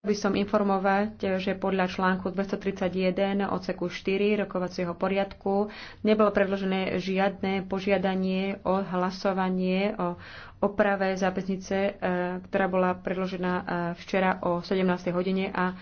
by som informovať, že podľa článku 231 odseku 4 rokovacieho poriadku nebolo predložené žiadne požiadanie o hlasovanie o oprave zápisnice, e, ktorá bola predložená e, včera o 17. hodine a